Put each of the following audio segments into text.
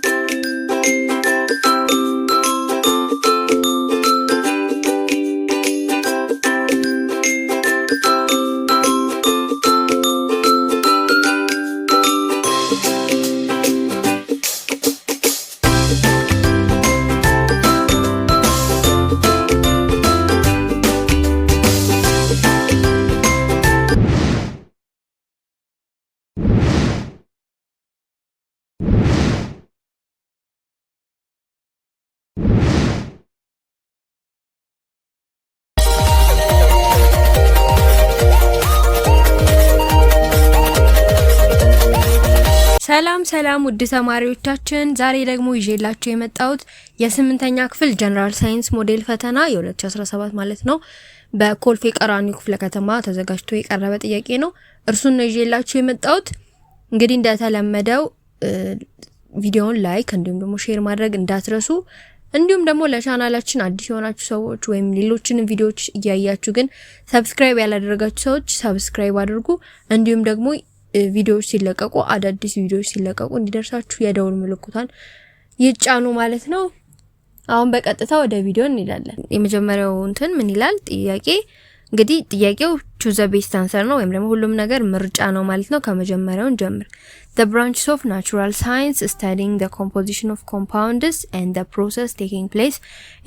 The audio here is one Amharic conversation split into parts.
thank you ሰላም ሰላም ውድ ተማሪዎቻችን፣ ዛሬ ደግሞ ይዤላችሁ የመጣሁት የስምንተኛ ክፍል ጀነራል ሳይንስ ሞዴል ፈተና የ2017 ማለት ነው በኮልፌ ቀራኒዮ ክፍለ ከተማ ተዘጋጅቶ የቀረበ ጥያቄ ነው። እርሱን ነው ይዤላችሁ የመጣሁት። እንግዲህ እንደተለመደው ቪዲዮውን ላይክ እንዲሁም ደግሞ ሼር ማድረግ እንዳትረሱ። እንዲሁም ደግሞ ለቻናላችን አዲስ የሆናችሁ ሰዎች ወይም ሌሎችንም ቪዲዮዎች እያያችሁ ግን ሰብስክራይብ ያላደረጋችሁ ሰዎች ሰብስክራይብ አድርጉ። እንዲሁም ደግሞ ቪዲዮዎች ሲለቀቁ አዳዲስ ቪዲዮዎች ሲለቀቁ እንዲደርሳችሁ የደውል ምልክቷን ይጫኑ ማለት ነው። አሁን በቀጥታ ወደ ቪዲዮ እንላለን። የመጀመሪያው እንትን ምን ይላል ጥያቄ እንግዲህ ጥያቄው ቹዘ ቤስት አንሰር ነው ወይም ደግሞ ሁሉም ነገር ምርጫ ነው ማለት ነው። ከመጀመሪያውን ጀምር the ብራንችስ of natural ሳይንስ studying the ኮምፖዚሽን ኦፍ compounds and the ፕሮሰስ taking place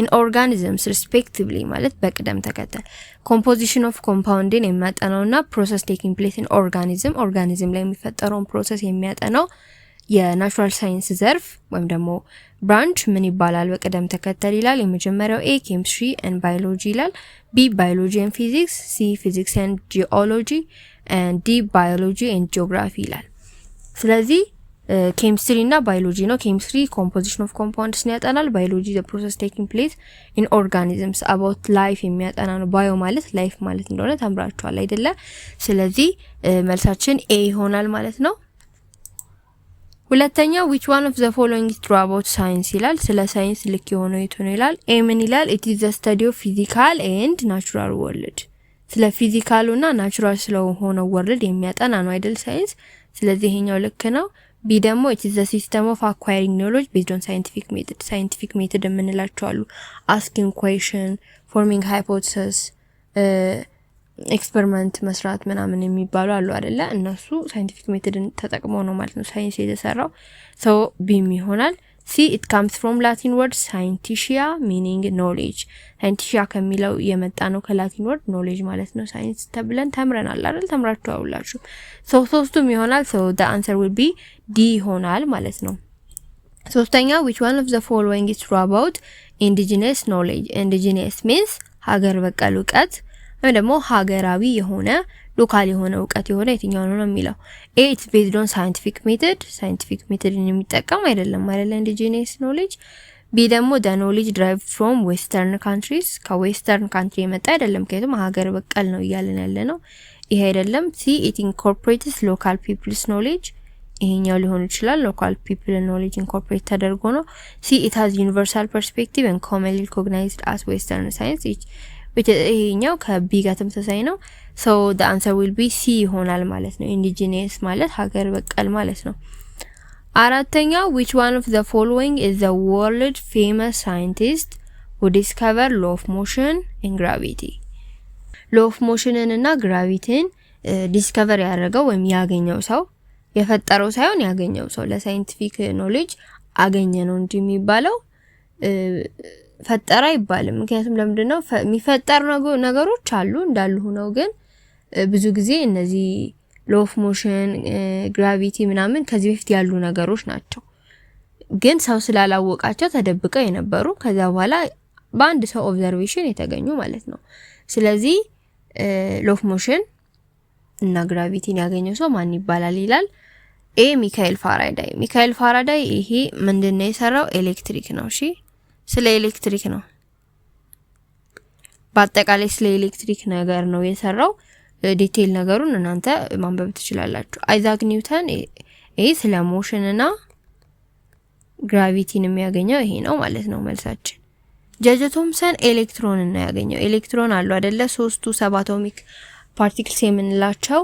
ኢን ኦርጋኒዝምስ respectively ማለት በቅደም ተከተል ኮምፖዚሽን compound ኮምፓውንድን የሚያጠናውና ፕሮሰስ taking place in ኦርጋኒዝም ኦርጋኒዝም ላይ የሚፈጠረውን ፕሮሰስ የሚያጠናው የናቹራል ሳይንስ ዘርፍ ወይም ደግሞ ብራንች ምን ይባላል በቅደም ተከተል ይላል። የመጀመሪያው ኤ ኬሚስትሪ ኤንድ ባዮሎጂ ይላል። ቢ ባዮሎጂ ኤንድ ፊዚክስ፣ ሲ ፊዚክስ ኤንድ ጂኦሎጂ፣ ዲ ባዮሎጂ ኤንድ ጂኦግራፊ ይላል። ስለዚህ ኬሚስትሪ እና ባዮሎጂ ነው። ኬሚስትሪ ኮምፖዚሽን ኦፍ ኮምፓውንድስን ያጠናል። ባዮሎጂ ፕሮሰስ ቴኪንግ ፕሌስ ኢን ኦርጋኒዝምስ አባውት ላይፍ የሚያጠና ነው። ባዮ ማለት ላይፍ ማለት እንደሆነ ተምራችኋል አይደለ? ስለዚህ መልሳችን ኤ ይሆናል ማለት ነው። ሁለተኛው ዊች ዋን ኦፍ ዘ ፎሎዊንግ ኢዝ ትሩ አባውት ሳይንስ ይላል። ስለ ሳይንስ ልክ የሆነው የቱ ነው ይላል። ኤ ምን ይላል? ኢት ኢዝ ዘ ስተዲ ኦፍ ፊዚካል ኤንድ ናቹራል ወርልድ። ስለ ፊዚካሉ እና ናቹራል ስለሆነው ወርልድ የሚያጠና ነው አይደል ሳይንስ። ስለዚህ ይሄኛው ልክ ነው። ቢ ደግሞ ኢት ዘ ሲስተም ኦፍ አኳሪንግ ኖሎጅ ቤዝድ ኦን ሳይንቲፊክ ሜቶድ። ሳይንቲፊክ ሜቶድ የምንላቸው አሉ። አስኪንግ ኩዌሽን፣ ፎርሚንግ ሃይፖተሲስ ኤክስፐሪመንት መስራት ምናምን የሚባሉ አሉ አደለ? እነሱ ሳይንቲፊክ ሜትድን ተጠቅሞ ነው ማለት ነው ሳይንስ የተሰራው። ሰው ቢም ይሆናል። ሲ ኢት ካምስ ፍሮም ላቲን ወርድ ሳይንቲሺያ ሚኒንግ ኖሌጅ። ሳይንቲሺያ ከሚለው የመጣ ነው ከላቲን ወርድ ኖሌጅ ማለት ነው። ሳይንስ ተብለን ተምረናል አይደል? ተምራችሁ አውላችሁ። ሰው ሶስቱም ይሆናል። ሰው ደ አንሰር ዊል ቢ ዲ ይሆናል ማለት ነው። ሶስተኛ ዊች ዋን ኦፍ ዘ ፎሎዊንግ ኢስ ትሩ አባውት ኢንዲጂነስ ኖሌጅ። ኢንዲጂነስ ሚንስ ሀገር በቀል እውቀት ወይም ደግሞ ሀገራዊ የሆነ ሎካል የሆነ እውቀት የሆነ የትኛው ነው ነው የሚለው ኢት ቤዝድ ኦን ሳይንቲፊክ ሜቶድ ሳይንቲፊክ ሜትድን የሚጠቀም አይደለም አይደለ ኢንዲጂነስ ኖሌጅ ቢ ደግሞ ደ ኖሌጅ ድራይቭ ፍሮም ዌስተርን ካንትሪስ ከዌስተርን ካንትሪ የመጣ አይደለም፣ ምክንያቱም ሀገር በቀል ነው እያለን ያለ ነው። ይሄ አይደለም። ሲ ኢት ኢንኮርፖሬትስ ሎካል ፒፕልስ ኖሌጅ ይሄኛው ሊሆን ይችላል። ሎካል ፒፕል ኖሌጅ ኢንኮርፖሬት ተደርጎ ነው። ሲ ኢት ሃዝ ዩኒቨርሳል ፐርስፔክቲቭ ኤንድ ኮመንሊ ሪኮግናይዝድ አስ ዌስተርን ሳይንስ ይሄኛው ከቢ ጋር ተመሳሳይ ነው። ሶ ዘ አንሰር ዊል ቢ ሲ ይሆናል ማለት ነው። ኢንዲጂነስ ማለት ሀገር በቀል ማለት ነው። አራተኛው ዊች ዋን ኦፍ ዘ ፎሎዊንግ ኢዝ ዘ ወርልድ ፌመስ ሳይንቲስት ሁ ዲስከቨር ሎ ኦፍ ሞሽን ኤንድ ግራቪቲ ሎ ኦፍ ሞሽንን እና ግራቪቲን ዲስከቨር eh, ያደረገው ወይም ያገኘው ሰው የፈጠረው ሳይሆን ያገኘው ሰው ለሳይንቲፊክ ኖሌጅ አገኘ ነው እንጂ የሚባለው eh, ፈጠረ አይባልም። ምክንያቱም ለምንድን ነው ነገሮች አሉ እንዳሉ ሆነው፣ ግን ብዙ ጊዜ እነዚህ ሎፍ ሞሽን፣ ግራቪቲ ምናምን ከዚህ በፊት ያሉ ነገሮች ናቸው። ግን ሰው ስላላወቃቸው ተደብቀው የነበሩ ከዛ በኋላ በአንድ ሰው ኦብዘርቬሽን የተገኙ ማለት ነው። ስለዚህ ሎፍ ሞሽን እና ግራቪቲን ያገኘው ሰው ማን ይባላል ይላል። ኤ ሚካኤል ፋራዳይ። ሚካኤል ፋራዳይ ይሄ ምንድነው የሰራው? ኤሌክትሪክ ነው። እሺ ስለ ኤሌክትሪክ ነው። በአጠቃላይ ስለ ኤሌክትሪክ ነገር ነው የሰራው። ዲቴይል ነገሩን እናንተ ማንበብ ትችላላችሁ። አይዛክ ኒውተን ይሄ ስለ ሞሽን እና ግራቪቲን የሚያገኘው ይሄ ነው ማለት ነው መልሳችን። ጀጀ ቶምሰን ኤሌክትሮንን ነው ያገኘው። ኤሌክትሮን አሉ አደለ? ሶስቱ ሰብ አቶሚክ ፓርቲክልስ የምንላቸው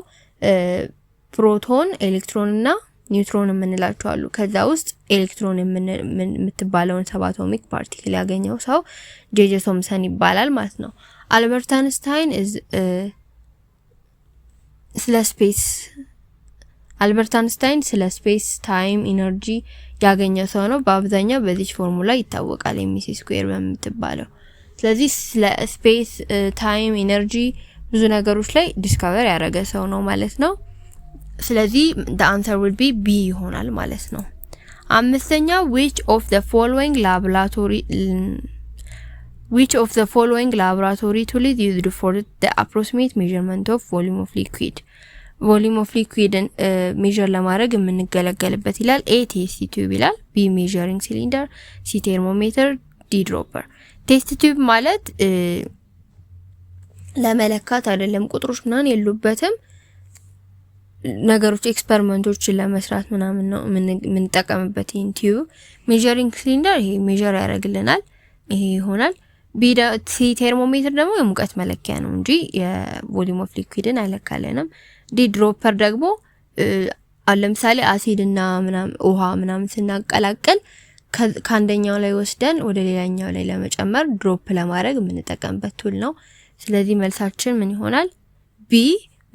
ፕሮቶን፣ ኤሌክትሮን እና ኒውትሮን የምንላቸው አሉ። ከዛ ውስጥ ኤሌክትሮን የምትባለውን ሰብ አቶሚክ ፓርቲክል ያገኘው ሰው ጄጄ ቶምሰን ይባላል ማለት ነው። አልበርት አንስታይን ስለ ስፔስ አልበርት አንስታይን ስለ ስፔስ ታይም ኢነርጂ ያገኘ ሰው ነው። በአብዛኛው በዚች ፎርሙላ ይታወቃል ኤምሲ ስኩዌር በምትባለው። ስለዚህ ስለ ስፔስ ታይም ኢነርጂ ብዙ ነገሮች ላይ ዲስካቨር ያደረገ ሰው ነው ማለት ነው። ስለዚህ the answer will be B ይሆናል ማለት ነው። አምስተኛ which of the following laboratory which of the following laboratory tool is used for the approximate measurement of volume of liquid volume of liquid measure ለማድረግ የምንገለገልበት ይላል። A ቴስት ቲዩብ ይላል፣ B measuring cylinder፣ C thermometer፣ D dropper። ቴስት ቲዩብ ማለት ለመለካት አይደለም፣ ቁጥሮች ምናምን የሉበትም ነገሮች ኤክስፐሪመንቶችን ለመስራት ምናምን ነው የምንጠቀምበት። ይህን ቲዩብ ሜዠሪንግ ሲሊንደር ይሄ ሜዠር ያደርግልናል። ይሄ ይሆናል። ሲ ቴርሞሜትር ደግሞ የሙቀት መለኪያ ነው እንጂ የቮሊም ኦፍ ሊኩዊድን አይለካልንም። ዲ ድሮፐር ደግሞ ለምሳሌ አሲድና ውሃ ምናምን ስናቀላቅል ከአንደኛው ላይ ወስደን ወደ ሌላኛው ላይ ለመጨመር ድሮፕ ለማድረግ የምንጠቀምበት ቱል ነው። ስለዚህ መልሳችን ምን ይሆናል? ቢ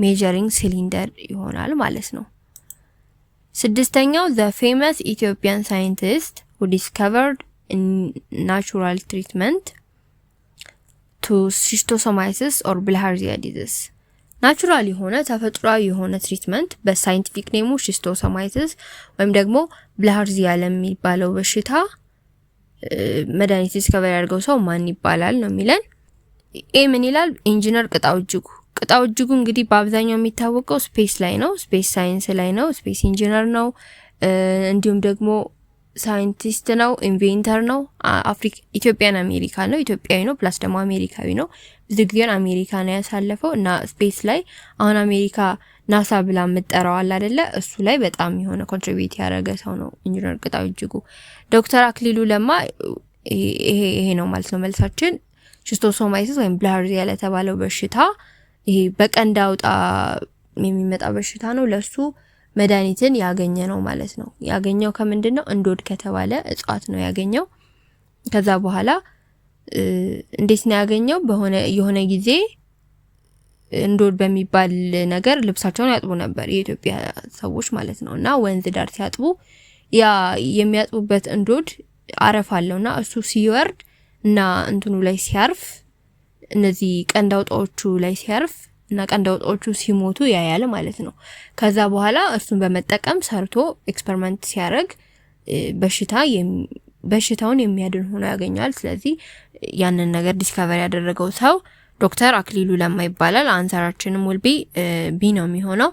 ሜጀሪንግ ሲሊንደር ይሆናል ማለት ነው። ስድስተኛው ዘ ፌመስ ኢትዮጵያን ሳይንቲስት ሁ ዲስከቨርድ ናቹራል ትሪትመንት ቱ ሽስቶሶማይሲስ ኦር ብልሃርዚያ ዲዚዝ ናቹራል የሆነ ተፈጥሯዊ የሆነ ትሪትመንት በሳይንቲፊክ ኔሙ ሽስቶሶማይሲስ ወይም ደግሞ ብልሃርዚያ ለሚባለው በሽታ መድኃኒት ዲስከቨር ያደርገው ሰው ማን ይባላል ነው የሚለን። ኤ ምን ይላል? ኢንጂነር ቅጣው እጅጉ ቅጣው እጅጉ እንግዲህ በአብዛኛው የሚታወቀው ስፔስ ላይ ነው፣ ስፔስ ሳይንስ ላይ ነው፣ ስፔስ ኢንጂነር ነው። እንዲሁም ደግሞ ሳይንቲስት ነው፣ ኢንቬንተር ነው። አፍሪካ ኢትዮጵያን አሜሪካ ነው፣ ኢትዮጵያዊ ነው፣ ፕላስ ደግሞ አሜሪካዊ ነው። ብዙ ጊዜውን አሜሪካ ነው ያሳለፈው እና ስፔስ ላይ አሁን አሜሪካ ናሳ ብላ የምጠራዋል አደለ? እሱ ላይ በጣም የሆነ ኮንትሪቢዩት ያደረገ ሰው ነው ኢንጂነር ቅጣው እጅጉ። ዶክተር አክሊሉ ለማ ይሄ ነው ማለት ነው መልሳችን ሽስቶሶማይሲስ ወይም ብላሃርዚያ ለተባለው በሽታ ይሄ በቀንድ አውጣ የሚመጣ በሽታ ነው። ለሱ መድኃኒትን ያገኘ ነው ማለት ነው። ያገኘው ከምንድን ነው? እንዶድ ከተባለ እጽዋት ነው ያገኘው። ከዛ በኋላ እንዴት ነው ያገኘው? በሆነ የሆነ ጊዜ እንዶድ በሚባል ነገር ልብሳቸውን ያጥቡ ነበር የኢትዮጵያ ሰዎች ማለት ነው። እና ወንዝ ዳር ሲያጥቡ ያ የሚያጥቡበት እንዶድ አረፍ እና እሱ ሲወርድ እና እንትኑ ላይ ሲያርፍ እነዚህ ቀንድ አውጣዎቹ ላይ ሲያርፍ እና ቀንድ አውጣዎቹ ሲሞቱ ያያል ማለት ነው። ከዛ በኋላ እሱን በመጠቀም ሰርቶ ኤክስፐሪመንት ሲያደርግ በሽታ በሽታውን የሚያድን ሆኖ ያገኘዋል። ስለዚህ ያንን ነገር ዲስከቨር ያደረገው ሰው ዶክተር አክሊሉ ለማ ይባላል። አንሰራችንም ውልቢ ቢ ነው የሚሆነው።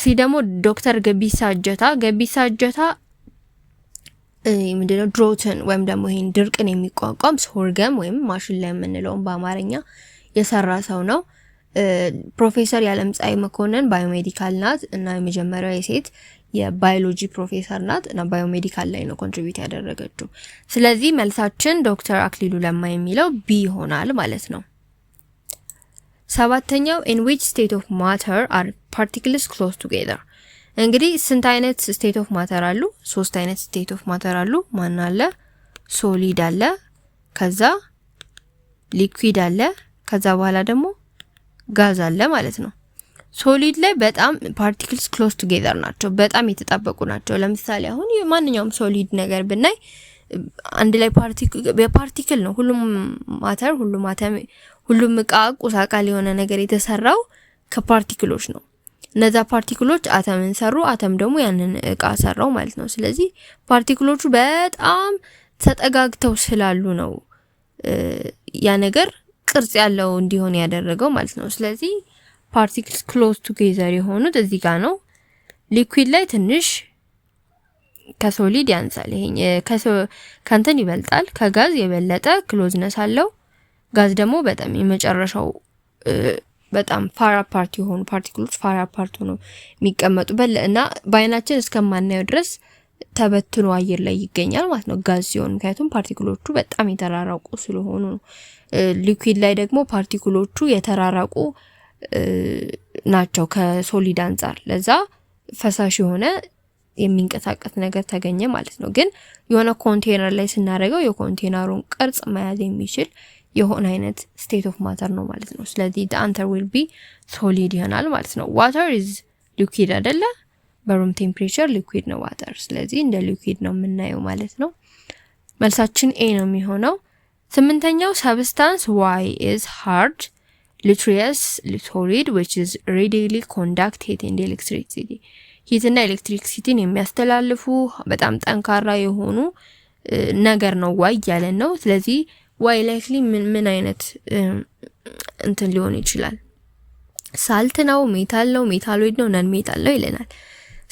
ሲ ደግሞ ዶክተር ገቢሳ እጀታ ገቢሳ እጀታ ምንድነው ድሮትን ወይም ደግሞ ይህን ድርቅን የሚቋቋም ሶርገም ወይም ማሽላ የምንለውን በአማርኛ የሰራ ሰው ነው። ፕሮፌሰር ፀሐይ መኮንን ባዮሜዲካል ናት እና የመጀመሪያው የሴት የባዮሎጂ ፕሮፌሰር ናት እና ባዮሜዲካል ላይ ነው ኮንትሪቢዩት ያደረገችው። ስለዚህ መልሳችን ዶክተር አክሊሉ ለማ የሚለው ቢ ይሆናል ማለት ነው። ሰባተኛው ኢን ዊች ስቴት ኦፍ ማተር አር ፓርቲክልስ ክሎዝ ቱጌዘር እንግዲህ ስንት አይነት ስቴት ኦፍ ማተር አሉ? ሶስት አይነት ስቴት ኦፍ ማተር አሉ። ማን አለ? ሶሊድ አለ፣ ከዛ ሊኩዊድ አለ፣ ከዛ በኋላ ደግሞ ጋዝ አለ ማለት ነው። ሶሊድ ላይ በጣም ፓርቲክልስ ክሎዝ ቱጌዘር ናቸው፣ በጣም የተጣበቁ ናቸው። ለምሳሌ አሁን ማንኛውም ሶሊድ ነገር ብናይ አንድ ላይ በፓርቲክል ነው። ሁሉም ማተር ሁሉም አተም ሁሉም እቃ ቁሳቃል የሆነ ነገር የተሰራው ከፓርቲክሎች ነው። እነዛ ፓርቲክሎች አተምን ሰሩ፣ አተም ደግሞ ያንን እቃ ሰራው ማለት ነው። ስለዚህ ፓርቲክሎቹ በጣም ተጠጋግተው ስላሉ ነው ያ ነገር ቅርጽ ያለው እንዲሆን ያደረገው ማለት ነው። ስለዚህ ፓርቲክልስ ክሎዝ ቱጌዘር የሆኑት እዚህ ጋር ነው። ሊኩዊድ ላይ ትንሽ ከሶሊድ ያንሳል። ይሄ ከእንትን ይበልጣል፣ ከጋዝ የበለጠ ክሎዝነስ አለው። ጋዝ ደግሞ በጣም የመጨረሻው በጣም ፋራ ፓርት የሆኑ ፓርቲክሎች ፓርት ሆኖ የሚቀመጡ የሚቀመጡበት እና በአይናችን እስከማናየው ድረስ ተበትኖ አየር ላይ ይገኛል ማለት ነው፣ ጋዝ ሲሆን። ምክንያቱም ፓርቲክሎቹ በጣም የተራራቁ ስለሆኑ ነው። ሊኩዊድ ላይ ደግሞ ፓርቲክሎቹ የተራራቁ ናቸው ከሶሊድ አንጻር። ለዛ ፈሳሽ የሆነ የሚንቀሳቀስ ነገር ተገኘ ማለት ነው። ግን የሆነ ኮንቴነር ላይ ስናደርገው የኮንቴነሩን ቅርጽ መያዝ የሚችል የሆነ አይነት ስቴት ኦፍ ማተር ነው ማለት ነው። ስለዚህ አንተር ዊል ቢ ሶሊድ ይሆናል ማለት ነው። ዋተር ኢዝ ሊኩዊድ አይደለ? በሩም ቴምፕሬቸር ሊኩዊድ ነው ዋተር። ስለዚህ እንደ ሊኩዊድ ነው የምናየው ማለት ነው። መልሳችን ኤ ነው የሚሆነው። ስምንተኛው ሰብስታንስ ዋይ ኢዝ ሃርድ ሊትሪየስ ሶሊድ ዊች ኢዝ ሬዲሊ ኮንዳክት ሂት ኤንድ ኤሌክትሪሲቲ ሂትና ኤሌክትሪክሲቲን የሚያስተላልፉ በጣም ጠንካራ የሆኑ ነገር ነው ዋይ እያለን ነው። ስለዚህ ዋይ ላይክሊ ምን አይነት እንትን ሊሆን ይችላል? ሳልት ነው፣ ሜታል ነው፣ ሜታሎይድ ነው፣ ነን ሜታል ነው ይለናል።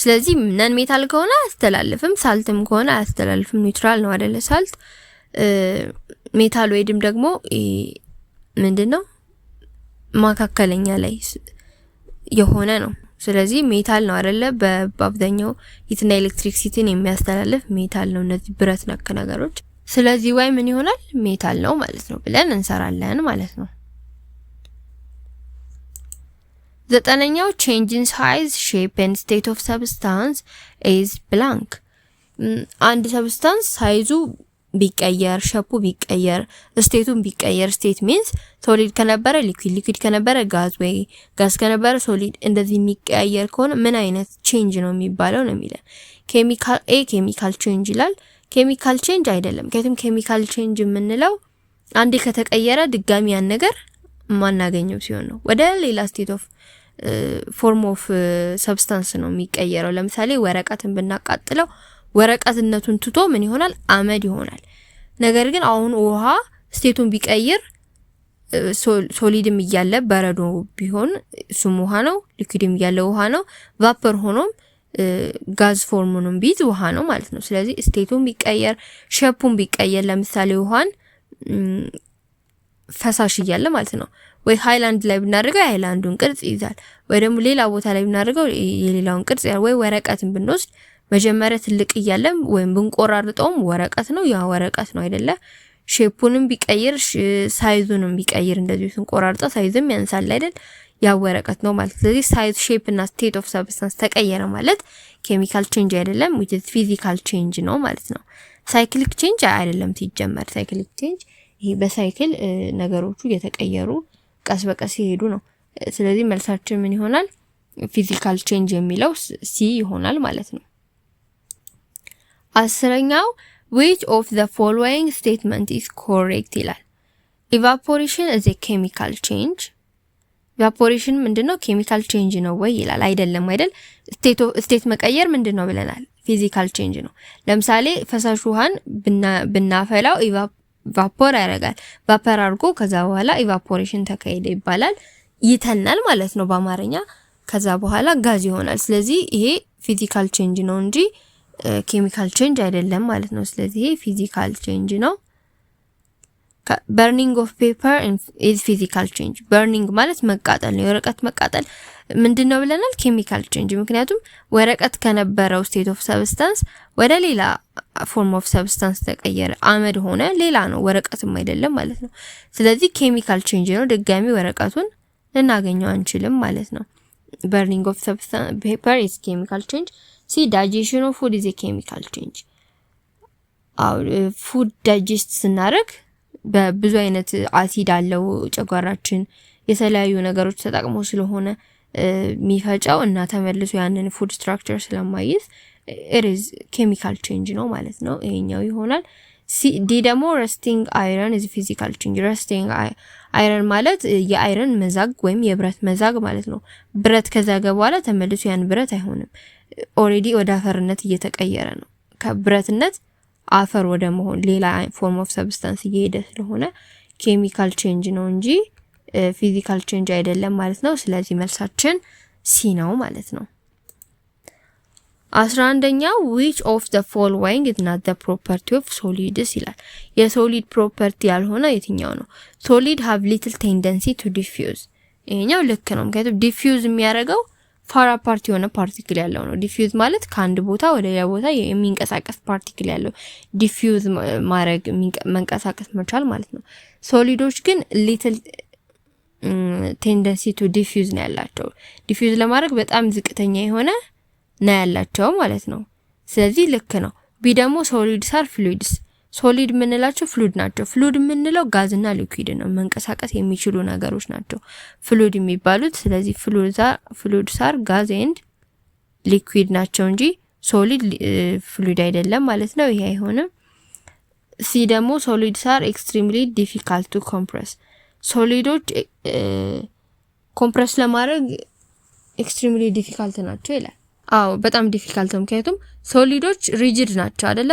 ስለዚህ ነን ሜታል ከሆነ አያስተላልፍም፣ ሳልትም ከሆነ አያስተላልፍም። ኒውትራል ነው አደለ? ሳልት ሜታሎይድም ደግሞ ምንድን ነው መካከለኛ ላይ የሆነ ነው። ስለዚህ ሜታል ነው አደለ? በአብዛኛው ሂትና ኤሌክትሪክ ሲቲን የሚያስተላልፍ ሜታል ነው። እነዚህ ብረት ነክ ነገሮች ስለዚህ ዋይ ምን ይሆናል ሜታል ነው ማለት ነው ብለን እንሰራለን ማለት ነው። ዘጠነኛው ቼንጅ ኢን ሳይዝ ሼፕ ኤንድ ስቴት ኦፍ ሰብስታንስ ኢዝ ብላንክ። አንድ ሰብስታንስ ሳይዙ ቢቀየር ሸፑ ቢቀየር ስቴቱን ቢቀየር፣ ስቴት ሚንስ ሶሊድ ከነበረ ሊኩዊድ፣ ሊኩዊድ ከነበረ ጋዝ ወይ ጋዝ ከነበረ ሶሊድ፣ እንደዚህ የሚቀያየር ከሆነ ምን አይነት ቼንጅ ነው የሚባለው ነው የሚለን። ኬሚካል ኤ ኬሚካል ቼንጅ ይላል። ኬሚካል ቼንጅ አይደለም። ምክንያቱም ኬሚካል ቼንጅ የምንለው አንዴ ከተቀየረ ድጋሚ ያን ነገር ማናገኘው ሲሆን ነው። ወደ ሌላ ስቴት ኦፍ ፎርም ኦፍ ሰብስታንስ ነው የሚቀየረው። ለምሳሌ ወረቀትን ብናቃጥለው ወረቀትነቱን ትቶ ምን ይሆናል? አመድ ይሆናል። ነገር ግን አሁን ውሃ ስቴቱን ቢቀይር ሶሊድም እያለ በረዶ ቢሆን እሱም ውሃ ነው፣ ሊኩድም እያለ ውሃ ነው፣ ቫፐር ሆኖም ጋዝ ፎርሙንም ቢይዝ ውሃ ነው ማለት ነው። ስለዚህ ስቴቱን ቢቀየር ሸፑን ቢቀየር ለምሳሌ ውሃን ፈሳሽ እያለ ማለት ነው ወይ ሃይላንድ ላይ ብናደርገው የሃይላንዱን ቅርጽ ይይዛል፣ ወይ ደግሞ ሌላ ቦታ ላይ ብናደርገው የሌላውን ቅርጽ ይዛል። ወይ ወረቀትን ብንወስድ መጀመሪያ ትልቅ እያለም ወይም ብንቆራርጠውም ወረቀት ነው፣ ያ ወረቀት ነው አይደለ? ሼፑንም ቢቀይር ሳይዙንም ቢቀይር እንደዚሁ ስንቆራርጠው ሳይዝም ያንሳል አይደል? ያ ወረቀት ነው ማለት። ስለዚህ ሳይዝ ሼፕ እና ስቴት ኦፍ ሰብስታንስ ተቀየረ ማለት ኬሚካል ቼንጅ አይደለም ኢዝ ፊዚካል ቼንጅ ነው ማለት ነው። ሳይክሊክ ቼንጅ አይደለም ሲጀመር። ሳይክሊክ ቼንጅ ይሄ በሳይክል ነገሮቹ እየተቀየሩ ቀስ በቀስ ይሄዱ ነው። ስለዚህ መልሳችን ምን ይሆናል? ፊዚካል ቼንጅ የሚለው ሲ ይሆናል ማለት ነው። አስረኛው which of the following statement is correct ይላል። ኢቫፖሬሽን is a chemical change ኢቫፖሬሽን ምንድነው? ኬሚካል ቼንጅ ነው ወይ ይላል። አይደለም አይደል? ስቴት መቀየር ምንድነው ብለናል? ፊዚካል ቼንጅ ነው። ለምሳሌ ፈሳሽ ውሃን ብናፈላው ቫፖር ያደርጋል። ቫፐር አድርጎ ከዛ በኋላ ኢቫፖሬሽን ተካሄደ ይባላል። ይተናል ማለት ነው በአማርኛ። ከዛ በኋላ ጋዝ ይሆናል። ስለዚህ ይሄ ፊዚካል ቼንጅ ነው እንጂ ኬሚካል ቼንጅ አይደለም ማለት ነው። ስለዚህ ይሄ ፊዚካል ቼንጅ ነው። በርኒንግ ኦፍ ፔፐር ኢዝ ፊዚካል ቼንጅ። በርኒንግ ማለት መቃጠል ነው። የወረቀት መቃጠል ምንድን ነው ብለናል? ኬሚካል ቼንጅ። ምክንያቱም ወረቀት ከነበረው ስቴት ኦፍ ሰብስታንስ ወደ ሌላ ፎርም ኦፍ ሰብስታንስ ተቀየረ፣ አመድ ሆነ፣ ሌላ ነው፣ ወረቀትም አይደለም ማለት ነው። ስለዚህ ኬሚካል ቼንጅ ነው። ድጋሚ ወረቀቱን ልናገኘው አንችልም ማለት ነው። በርኒንግ ኦፍ ፔፐር ኢዝ ኬሚካል ቼንጅ። ሲ ዳይጄሽን ኦፍ ፉድ ኢዝ ኬሚካል ቼንጅ። ፉድ ዳይጀስት ስናደርግ በብዙ አይነት አሲድ አለው ጨጓራችን የተለያዩ ነገሮች ተጠቅሞ ስለሆነ የሚፈጨው እና ተመልሶ ያንን ፉድ ስትራክቸር ስለማይዝ ኢሪዝ ኬሚካል ቼንጅ ነው ማለት ነው። ይሄኛው ይሆናል። ዲ ደግሞ ረስቲንግ አይረን እዚ ፊዚካል ቼንጅ። ረስቲንግ አይረን ማለት የአይረን መዛግ ወይም የብረት መዛግ ማለት ነው። ብረት ከዛገ በኋላ ተመልሶ ያን ብረት አይሆንም። ኦሬዲ ወደ አፈርነት እየተቀየረ ነው ከብረትነት አፈር ወደ መሆን ሌላ ፎርም ኦፍ ሰብስታንስ እየሄደ ስለሆነ ኬሚካል ቼንጅ ነው እንጂ ፊዚካል ቼንጅ አይደለም ማለት ነው። ስለዚህ መልሳችን ሲ ነው ማለት ነው። አስራ አንደኛው ዊች ኦፍ ዘ ፎሎዊንግ ኢዝ ናት ዘ ፕሮፐርቲ ኦፍ ሶሊድስ ይላል። የሶሊድ ፕሮፐርቲ ያልሆነ የትኛው ነው? ሶሊድ ሃቭ ሊትል ቴንደንሲ ቱ ዲፊውዝ። ይሄኛው ልክ ነው፣ ምክንያቱም ዲፊውዝ የሚያደርገው ፋራ ፓርቲ የሆነ ፓርቲክል ያለው ነው። ዲፊውዝ ማለት ከአንድ ቦታ ወደ ሌላ ቦታ የሚንቀሳቀስ ፓርቲክል ያለው ዲፊዩዝ ማድረግ መንቀሳቀስ መቻል ማለት ነው። ሶሊዶች ግን ሊትል ቴንደንሲ ቱ ዲፊውዝ ነው ያላቸው። ዲፊውዝ ለማድረግ በጣም ዝቅተኛ የሆነ ነው ያላቸው ማለት ነው። ስለዚህ ልክ ነው። ቢ ደግሞ ሶሊድስ አር ፍሉይድስ ሶሊድ የምንላቸው ፍሉድ ናቸው። ፍሉድ የምንለው ጋዝና ሊኩዊድ ነው። መንቀሳቀስ የሚችሉ ነገሮች ናቸው ፍሉድ የሚባሉት። ስለዚህ ፍሉድ ሳር ጋዝ ኤንድ ሊኩዊድ ናቸው እንጂ ሶሊድ ፍሉድ አይደለም ማለት ነው። ይሄ አይሆንም። ሲ ደግሞ ሶሊድ ሳር ኤክስትሪምሊ ዲፊካልት ቱ ኮምፕረስ፣ ሶሊዶች ኮምፕረስ ለማድረግ ኤክስትሪምሊ ዲፊካልት ናቸው ይላል። አዎ በጣም ዲፊካልት ነው። ምክንያቱም ሶሊዶች ሪጅድ ናቸው አደለ?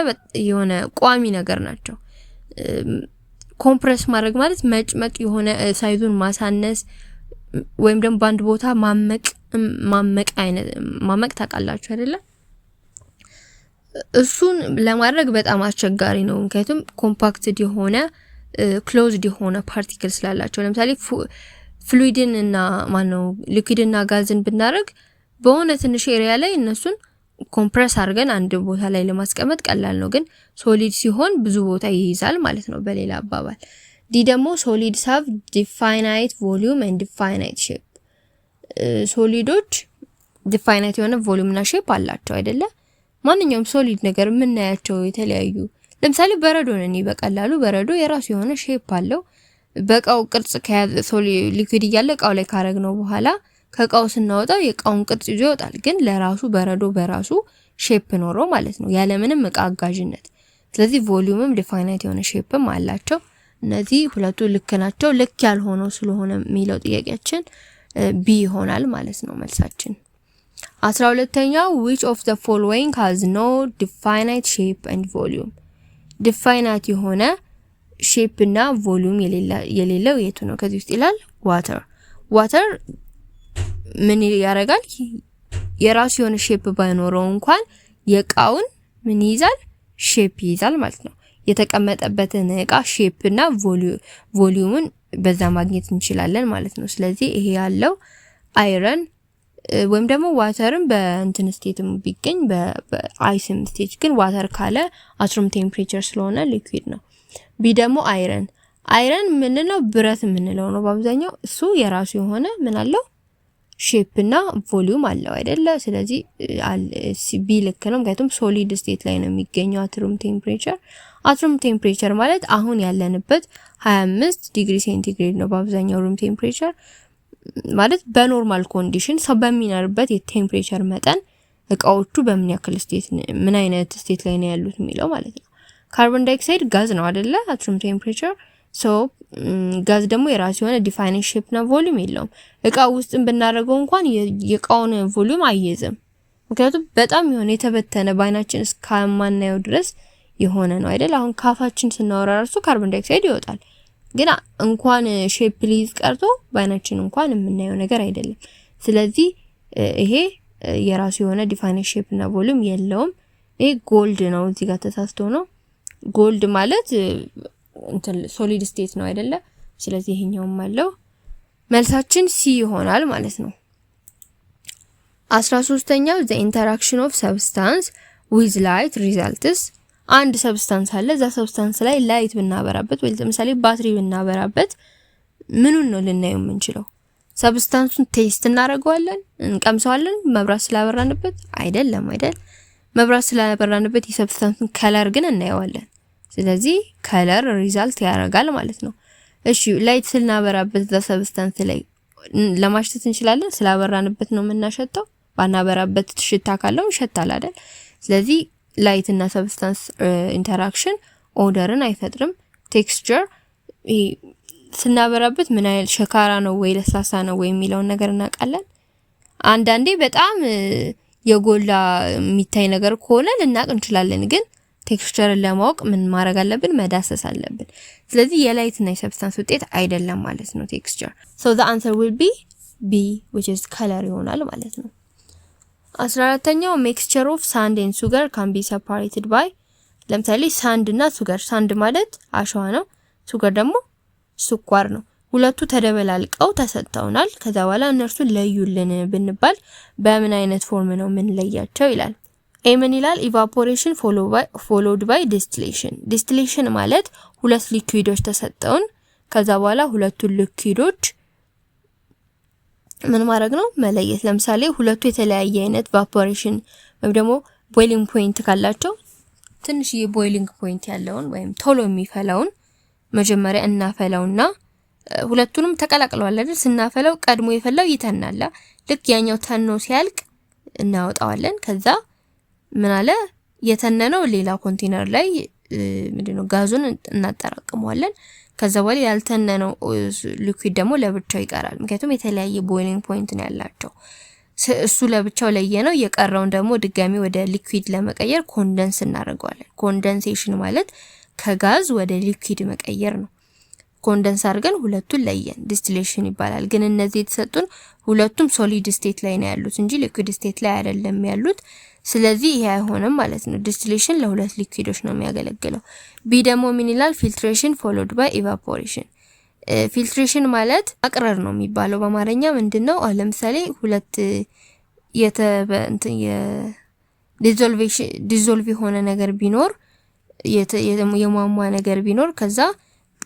የሆነ ቋሚ ነገር ናቸው። ኮምፕረስ ማድረግ ማለት መጭመቅ፣ የሆነ ሳይዙን ማሳነስ ወይም ደግሞ በአንድ ቦታ ማመቅ ማመቅ አይነት ማመቅ ታውቃላችሁ አደለ? እሱን ለማድረግ በጣም አስቸጋሪ ነው። ምክንያቱም ኮምፓክትድ የሆነ ክሎዝድ የሆነ ፓርቲክል ስላላቸው ለምሳሌ ፍሉይድን እና ማነው ሊኩድና ጋዝን ብናደርግ በሆነ ትንሽ ኤሪያ ላይ እነሱን ኮምፕረስ አድርገን አንድ ቦታ ላይ ለማስቀመጥ ቀላል ነው፣ ግን ሶሊድ ሲሆን ብዙ ቦታ ይይዛል ማለት ነው። በሌላ አባባል ዲ ደግሞ ሶሊድ ሃቭ ዲፋይናይት ቮሊዩም ኤንድ ዲፋይናይት ሼፕ። ሶሊዶች ዲፋይናይት የሆነ ና ሼፕ አላቸው አይደለ? ማንኛውም ሶሊድ ነገር የምናያቸው የተለያዩ ለምሳሌ በረዶ ነን በቀላሉ በረዶ የራሱ የሆነ ሼፕ አለው። በእቃው ቅርጽ ከያዘ ሊኩዊድ እያለ እቃው ላይ ካረግ ነው በኋላ ከእቃው ስናወጣው የእቃውን ቅርጽ ይዞ ይወጣል፣ ግን ለራሱ በረዶ በራሱ ሼፕ ኖሮ ማለት ነው ያለምንም እቃ አጋዥነት። ስለዚህ ቮሊዩምም ዲፋይናይት የሆነ ሼፕም አላቸው። እነዚህ ሁለቱ ልክ ናቸው። ልክ ያልሆነው ስለሆነ የሚለው ጥያቄያችን ቢ ይሆናል ማለት ነው መልሳችን። አስራ ሁለተኛው ዊች ኦፍ ዘ ፎሎዊንግ has ኖ ዲፋይናይት ሼፕ and ቮሊዩም፣ ዲፋይናይት የሆነ ሼፕ እና ቮሊዩም የሌለው የቱ ነው ከዚህ ውስጥ ይላል። ዋተር ዋተር ምን ያደርጋል? የራሱ የሆነ ሼፕ ባይኖረው እንኳን የእቃውን ምን ይይዛል? ሼፕ ይይዛል ማለት ነው። የተቀመጠበትን እቃ ሼፕ እና ቮሊዩምን በዛ ማግኘት እንችላለን ማለት ነው። ስለዚህ ይሄ ያለው አይረን ወይም ደግሞ ዋተርን በእንትን ስቴትም ቢገኝ በአይስም ስቴት ግን ዋተር ካለ አትሩም ቴምፕሬቸር ስለሆነ ሊኩዊድ ነው። ቢ ደግሞ አይረን አይረን የምንለው ብረት የምንለው ነው በአብዛኛው እሱ የራሱ የሆነ ምን አለው ሼፕ እና ቮሊዩም አለው አይደለ? ስለዚህ ቢ ልክ ነው፣ ምክንያቱም ሶሊድ ስቴት ላይ ነው የሚገኘው አትሩም ቴምፕሬቸር። አትሩም ቴምፕሬቸር ማለት አሁን ያለንበት 25 ዲግሪ ሴንቲግሬድ ነው በአብዛኛው ሩም ቴምፕሬቸር ማለት በኖርማል ኮንዲሽን ሰው በሚኖርበት የቴምፕሬቸር መጠን እቃዎቹ በምን ያክል ስቴት ምን አይነት ስቴት ላይ ነው ያሉት የሚለው ማለት ነው። ካርቦን ዳይኦክሳይድ ጋዝ ነው አደለ? አትሩም ቴምፕሬቸር ሶ ጋዝ ደግሞ የራሱ የሆነ ዲፋይንድ ሼፕ እና ቮሊዩም የለውም። እቃ ውስጥም ብናደርገው እንኳን የእቃውን ቮሊዩም አይይዝም። ምክንያቱም በጣም የሆነ የተበተነ በአይናችን እስከማናየው ድረስ የሆነ ነው አይደል? አሁን ካፋችን ስናወራ ራሱ ካርቦን ዳይኦክሳይድ ይወጣል። ግን እንኳን ሼፕ ሊይዝ ቀርቶ በአይናችን እንኳን የምናየው ነገር አይደለም። ስለዚህ ይሄ የራሱ የሆነ ዲፋይንድ ሼፕ እና ቮሉም የለውም። ይሄ ጎልድ ነው። እዚህ ጋር ተሳስቶ ነው። ጎልድ ማለት እንትን ሶሊድ ስቴት ነው አይደለ? ስለዚህ ይሄኛውም አለው መልሳችን ሲ ይሆናል ማለት ነው። አስራ ሶስተኛው ዘ ኢንተራክሽን ኦፍ ሰብስታንስ ዊዝ ላይት ሪዛልትስ አንድ ሰብስታንስ አለ። እዛ ሰብስታንስ ላይ ላይት ብናበራበት ወይ ለምሳሌ ባትሪ ብናበራበት ምኑን ነው ልናየው የምንችለው? ሰብስታንሱን ቴስት እናደርገዋለን? እንቀምሰዋለን? መብራት ስላበራንበት አይደለም አይደል? መብራት ስላበራንበት የሰብስታንሱን ከለር ግን እናየዋለን። ስለዚህ ከለር ሪዛልት ያደርጋል ማለት ነው። እሺ ላይት ስናበራበት እዛ ሰብስተንስ ላይ ለማሽተት እንችላለን። ስላበራንበት ነው የምናሸተው። ባናበራበት ሽታ ካለው ይሸታል አይደል? ስለዚህ ላይት እና ሰብስተንስ ኢንተራክሽን ኦደርን አይፈጥርም። ቴክስቸር ስናበራበት ምን አይነት ሸካራ ነው ወይ ለሳሳ ነው ወይ የሚለውን ነገር እናውቃለን። አንዳንዴ በጣም uh, የጎላ የሚታይ ነገር ከሆነ ልናቅ እንችላለን ግን ቴክስቸርን ለማወቅ ምን ማድረግ አለብን? መዳሰስ አለብን። ስለዚህ የላይትና የሰብስታንስ ውጤት አይደለም ማለት ነው ቴክስቸር። ሶ ዘ አንሰር ዊል ቢ ቢ ዊች ኢዝ ከለር ይሆናል ማለት ነው። አስራ አራተኛው ሚክስቸር ኦፍ ሳንድ ኤንድ ሱገር ካን ቢ ሰፓሬትድ ባይ ለምሳሌ ሳንድ እና ሱገር፣ ሳንድ ማለት አሸዋ ነው፣ ሱገር ደግሞ ስኳር ነው። ሁለቱ ተደበላልቀው ተሰጥተውናል። ከዛ በኋላ እነርሱን ለዩልን ብንባል በምን አይነት ፎርም ነው ምን ለያቸው ይላል። ኤ ምን ይላል? ኢቫፖሬሽን ፎሎድ ባይ ዲስቲሌሽን። ዲስቲሌሽን ማለት ሁለት ሊኩዊዶች ተሰጠውን ከዛ በኋላ ሁለቱን ሊኩዊዶች ምን ማድረግ ነው መለየት። ለምሳሌ ሁለቱ የተለያየ አይነት ቫፖሬሽን ወይም ደግሞ ቦይሊንግ ፖይንት ካላቸው ትንሽዬ ቦይሊንግ ፖይንት ያለውን ወይም ቶሎ የሚፈላውን መጀመሪያ እናፈላውና ሁለቱንም ተቀላቅለዋል አይደል? ስናፈላው ቀድሞ የፈላው ይተናል። ልክ ያኛው ተኖ ሲያልቅ እናወጣዋለን ከዛ ምን አለ የተነነው ሌላ ኮንቴነር ላይ ምንድነው ጋዙን እናጠራቅመዋለን። ከዛ በኋላ ያልተነነው ሊኩዊድ ደግሞ ለብቻው ይቀራል። ምክንያቱም የተለያየ ቦይሊንግ ፖይንት ነው ያላቸው። እሱ ለብቻው ለየ ነው። የቀረውን ደግሞ ድጋሚ ወደ ሊኩዊድ ለመቀየር ኮንደንስ እናደርገዋለን። ኮንደንሴሽን ማለት ከጋዝ ወደ ሊኩዊድ መቀየር ነው። ኮንደንስ አድርገን ሁለቱን ለየን፣ ዲስቲሌሽን ይባላል። ግን እነዚህ የተሰጡን ሁለቱም ሶሊድ ስቴት ላይ ነው ያሉት እንጂ ሊኩዊድ ስቴት ላይ አይደለም ያሉት። ስለዚህ ይሄ አይሆንም ማለት ነው። ዲስቲሌሽን ለሁለት ሊኩዊዶች ነው የሚያገለግለው። ቢ ደግሞ ምን ይላል? ፊልትሬሽን ፎሎድ ባይ ኢቫፖሬሽን። ፊልትሬሽን ማለት አቅረር ነው የሚባለው በአማርኛ ምንድን ነው? ለምሳሌ ሁለት ዲዞልቭ የሆነ ነገር ቢኖር የሟሟ ነገር ቢኖር ከዛ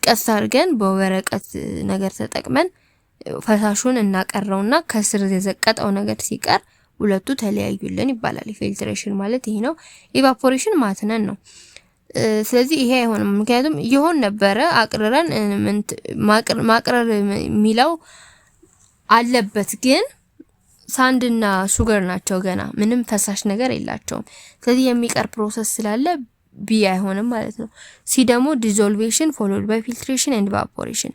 ቀስ አድርገን በወረቀት ነገር ተጠቅመን ፈሳሹን እናቀረውና ከስር የዘቀጠው ነገር ሲቀር ሁለቱ ተለያዩልን ይባላል። ፊልትሬሽን ማለት ይሄ ነው። ኢቫፖሬሽን ማትነን ነው። ስለዚህ ይሄ አይሆንም። ምክንያቱም ይሆን ነበረ አቅርረን ማቅረር የሚለው አለበት ግን ሳንድና ሹገር ናቸው ገና ምንም ፈሳሽ ነገር የላቸውም። ስለዚህ የሚቀር ፕሮሰስ ስላለ ቢ አይሆንም ማለት ነው። ሲ ደግሞ ዲዞልቬሽን ፎሎድ ባይ ፊልትሬሽን ኤንድ ኢቫፖሬሽን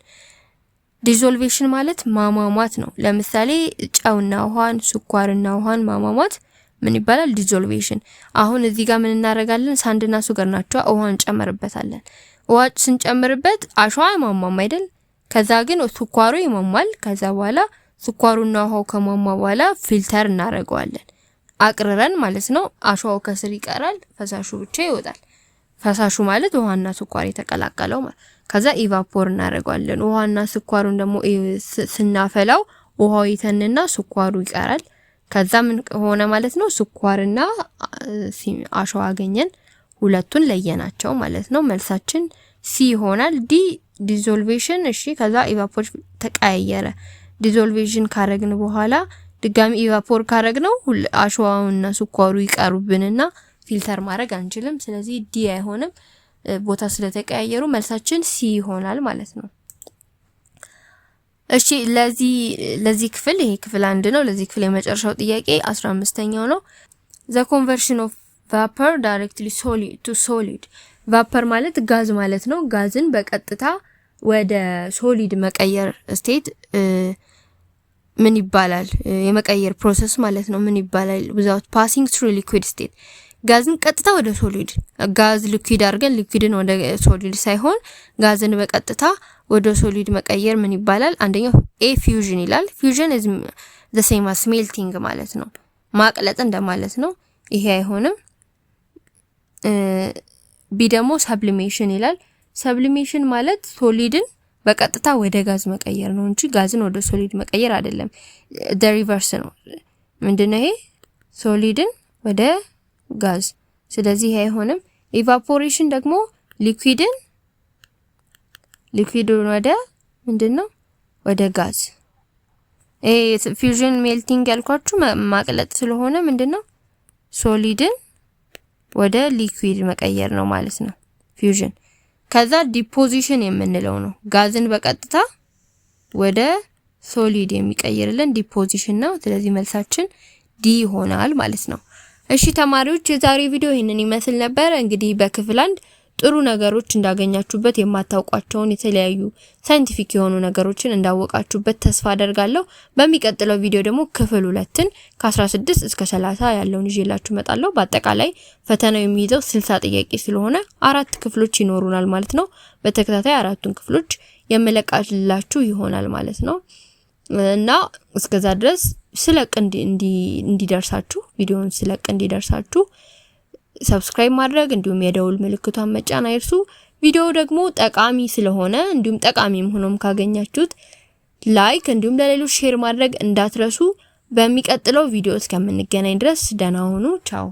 ዲዞልቬሽን ማለት ማሟሟት ነው። ለምሳሌ ጨውና ውሃን፣ ስኳርና ውሃን ማሟሟት ምን ይባላል? ዲዞልቬሽን። አሁን እዚህ ጋር ምን እናደርጋለን? ሳንድና ሱገር ናቸው። ውሃ እንጨምርበታለን። ውሃ ስንጨምርበት አሸዋ አይሟሟም አይደል? ከዛ ግን ስኳሩ ይሟሟል። ከዛ በኋላ ስኳሩና ውሃው ከሟሟ በኋላ ፊልተር እናደርገዋለን አቅርረን ማለት ነው። አሸዋው ከስር ይቀራል፣ ፈሳሹ ብቻ ይወጣል። ፈሳሹ ማለት ውሃና ስኳር የተቀላቀለው ማለት። ከዛ ኢቫፖር እናደርገዋለን። ውሃና ስኳሩን ደግሞ ስናፈላው ውሃው ይተንና ስኳሩ ይቀራል። ከዛ ምን ሆነ ማለት ነው? ስኳርና አሸዋ አገኘን። ሁለቱን ለየናቸው ማለት ነው። መልሳችን ሲ ይሆናል። ዲ ዲዞልቬሽን። እሺ፣ ከዛ ኢቫፖር ተቀያየረ። ዲዞልቬሽን ካረግን በኋላ ድጋሚ ኢቫፖር ካረግነው አሸዋውና ስኳሩ ይቀሩብንና ፊልተር ማድረግ አንችልም። ስለዚህ ዲ አይሆንም፣ ቦታ ስለተቀያየሩ መልሳችን ሲ ይሆናል ማለት ነው። እሺ ለዚህ ለዚህ ክፍል ይሄ ክፍል አንድ ነው። ለዚህ ክፍል የመጨረሻው ጥያቄ 15ኛው ነው። ዘ ኮንቨርሽን ኦፍ ቫፐር ዳይሬክትሊ ሶሊድ ቱ ሶሊድ። ቫፐር ማለት ጋዝ ማለት ነው። ጋዝን በቀጥታ ወደ ሶሊድ መቀየር ስቴት ምን ይባላል? የመቀየር ፕሮሰስ ማለት ነው ምን ይባላል? ዊዛውት ፓሲንግ ትሩ ሊኩዊድ ስቴት ጋዝን ቀጥታ ወደ ሶሊድ ጋዝ ሊኩዊድ አድርገን ሊኩዊድን ወደ ሶሊድ ሳይሆን ጋዝን በቀጥታ ወደ ሶሊድ መቀየር ምን ይባላል? አንደኛው ኤ ፊውዥን ይላል። ፊውዥን ኢዝ ዘ ሴም አስ ሜልቲንግ ማለት ነው፣ ማቅለጥ እንደማለት ነው። ይሄ አይሆንም። ቢ ደግሞ ሰብሊሜሽን ይላል። ሰብሊሜሽን ማለት ሶሊድን በቀጥታ ወደ ጋዝ መቀየር ነው እንጂ ጋዝን ወደ ሶሊድ መቀየር አይደለም። ደ ሪቨርስ ነው። ምንድነው ይሄ? ሶሊድን ወደ ጋዝ። ስለዚህ አይሆንም። ኢቫፖሬሽን ደግሞ ሊኩዊድን ሊኩዊድን ወደ ምንድነው ወደ ጋዝ። ይሄ ፊውዥን ሜልቲንግ ያልኳችሁ ማቅለጥ ስለሆነ ምንድነው ሶሊድን ወደ ሊኩዊድ መቀየር ነው ማለት ነው ፊውዥን። ከዛ ዲፖዚሽን የምንለው ነው ጋዝን በቀጥታ ወደ ሶሊድ የሚቀይርልን ዲፖዚሽን ነው። ስለዚህ መልሳችን ዲ ይሆናል ማለት ነው። እሺ ተማሪዎች የዛሬ ቪዲዮ ይህንን ይመስል ነበር። እንግዲህ በክፍል አንድ ጥሩ ነገሮች እንዳገኛችሁበት የማታውቋቸውን የተለያዩ ሳይንቲፊክ የሆኑ ነገሮችን እንዳወቃችሁበት ተስፋ አደርጋለሁ። በሚቀጥለው ቪዲዮ ደግሞ ክፍል ሁለትን ከ16 እስከ 30 ያለውን ይዤላችሁ እመጣለሁ። በአጠቃላይ ፈተናው የሚይዘው 60 ጥያቄ ስለሆነ አራት ክፍሎች ይኖሩናል ማለት ነው። በተከታታይ አራቱን ክፍሎች የምለቃላችሁ ይሆናል ማለት ነው እና እስከዛ ድረስ ስለቅ እንዲደርሳችሁ ቪዲዮውን ስለቅ እንዲደርሳችሁ ሰብስክራይብ ማድረግ እንዲሁም የደውል ምልክቷን መጫን አይርሱ። ቪዲዮው ደግሞ ጠቃሚ ስለሆነ እንዲሁም ጠቃሚም ሆኖም ካገኛችሁት ላይክ እንዲሁም ለሌሎች ሼር ማድረግ እንዳትረሱ። በሚቀጥለው ቪዲዮ እስከምንገናኝ ድረስ ደህና ሆኑ። ቻው